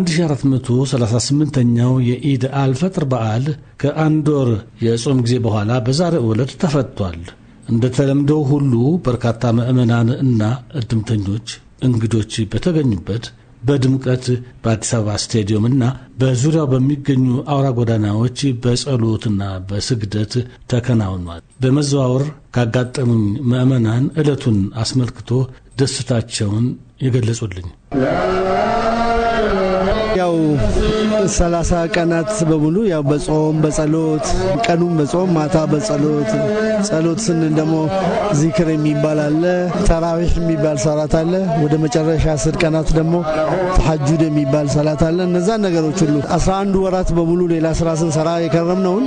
1438ኛው የኢድ አልፈጥር በዓል ከአንድ ወር የጾም ጊዜ በኋላ በዛሬው ዕለት ተፈቷል። እንደ ተለምደው ሁሉ በርካታ ምዕመናን እና እድምተኞች፣ እንግዶች በተገኙበት በድምቀት በአዲስ አበባ ስቴዲየም እና በዙሪያው በሚገኙ አውራ ጎዳናዎች በጸሎትና በስግደት ተከናውኗል። በመዘዋወር ካጋጠሙኝ ምዕመናን ዕለቱን አስመልክቶ ደስታቸውን የገለጹልኝ Tchau. ሰላሳ ቀናት በሙሉ ያው በጾም በጸሎት ቀኑን በጾም ማታ በጸሎት ጸሎት ስንል ደግሞ ዚክር የሚባል አለ፣ ተራዊህ የሚባል ሰላት አለ። ወደ መጨረሻ አስር ቀናት ደግሞ ተሐጁድ የሚባል ሰላት አለ። እነዛን ነገሮች ሁሉ አስራ አንዱ ወራት በሙሉ ሌላ ስራ ስንሰራ የከረምነውን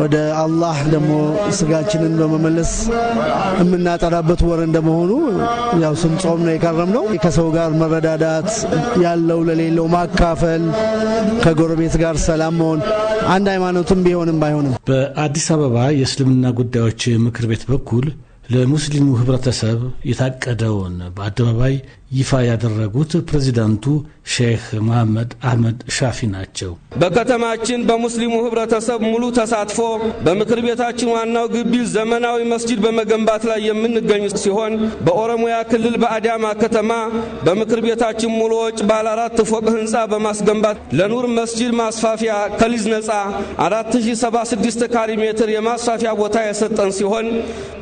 ወደ አላህ ደግሞ ስጋችንን በመመለስ የምናጠራበት ወር እንደመሆኑ ያው ስንጾም ነው የከረምነው። ከሰው ጋር መረዳዳት፣ ያለው ለሌለው ማካፈል ከጎረቤት ጋር ሰላም መሆን አንድ ሃይማኖትም ቢሆንም ባይሆንም። በአዲስ አበባ የእስልምና ጉዳዮች ምክር ቤት በኩል ለሙስሊሙ ህብረተሰብ የታቀደውን በአደባባይ ይፋ ያደረጉት ፕሬዚዳንቱ ሼህ መሐመድ አህመድ ሻፊ ናቸው። በከተማችን በሙስሊሙ ህብረተሰብ ሙሉ ተሳትፎ በምክር ቤታችን ዋናው ግቢ ዘመናዊ መስጂድ በመገንባት ላይ የምንገኙ ሲሆን በኦሮሚያ ክልል በአዳማ ከተማ በምክር ቤታችን ሙሉ ወጭ ባለ አራት ፎቅ ህንፃ በማስገንባት ለኑር መስጂድ ማስፋፊያ ከሊዝ ነፃ 4076 ካሪ ሜትር የማስፋፊያ ቦታ የሰጠን ሲሆን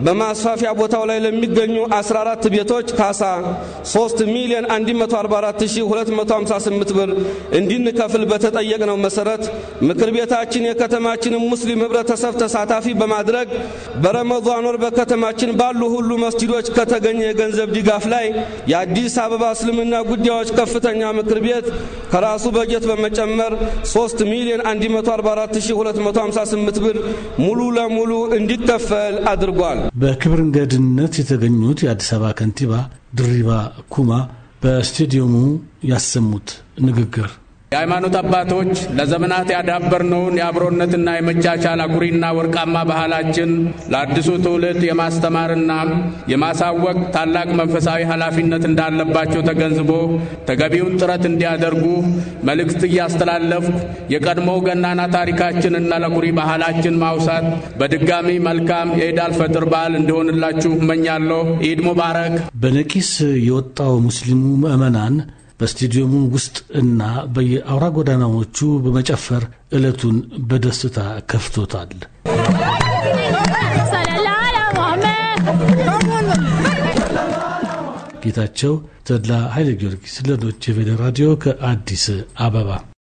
በማስፋፊያ ቦታው ላይ ለሚገኙ 14 ቤቶች ካሳ 3 3 ሚሊዮን 144258 ብር እንዲንከፍል በተጠየቅነው መሰረት ምክር ቤታችን የከተማችንን ሙስሊም ህብረተሰብ ተሳታፊ በማድረግ በረመዷን ወር በከተማችን ባሉ ሁሉ መስጂዶች ከተገኘ የገንዘብ ድጋፍ ላይ የአዲስ አበባ እስልምና ጉዳዮች ከፍተኛ ምክር ቤት ከራሱ በጀት በመጨመር 3 ሚሊዮን 144258 ብር ሙሉ ለሙሉ እንዲከፈል አድርጓል። በክብር እንግድነት የተገኙት የአዲስ አበባ ከንቲባ ድሪባ ኩማ በስቴዲየሙ ያሰሙት ንግግር የሃይማኖት አባቶች ለዘመናት ያዳበርነውን የአብሮነትና የመቻቻል አኩሪና ወርቃማ ባህላችን ለአዲሱ ትውልድ የማስተማርና የማሳወቅ ታላቅ መንፈሳዊ ኃላፊነት እንዳለባቸው ተገንዝቦ ተገቢውን ጥረት እንዲያደርጉ መልእክት እያስተላለፍኩ የቀድሞ ገናና ታሪካችንና ለኩሪ ባህላችን ማውሳት በድጋሚ መልካም የኢድ አልፈጥር በዓል እንዲሆንላችሁ እመኛለሁ። ኢድ ሙባረክ። በነቂስ የወጣው ሙስሊሙ ምዕመናን በስቴዲየሙ ውስጥ እና በየአውራ ጎዳናዎቹ በመጨፈር ዕለቱን በደስታ ከፍቶታል። ጌታቸው ተድላ ኃይለ ጊዮርጊስ ለዶይቼ ቬለ ራዲዮ ከአዲስ አበባ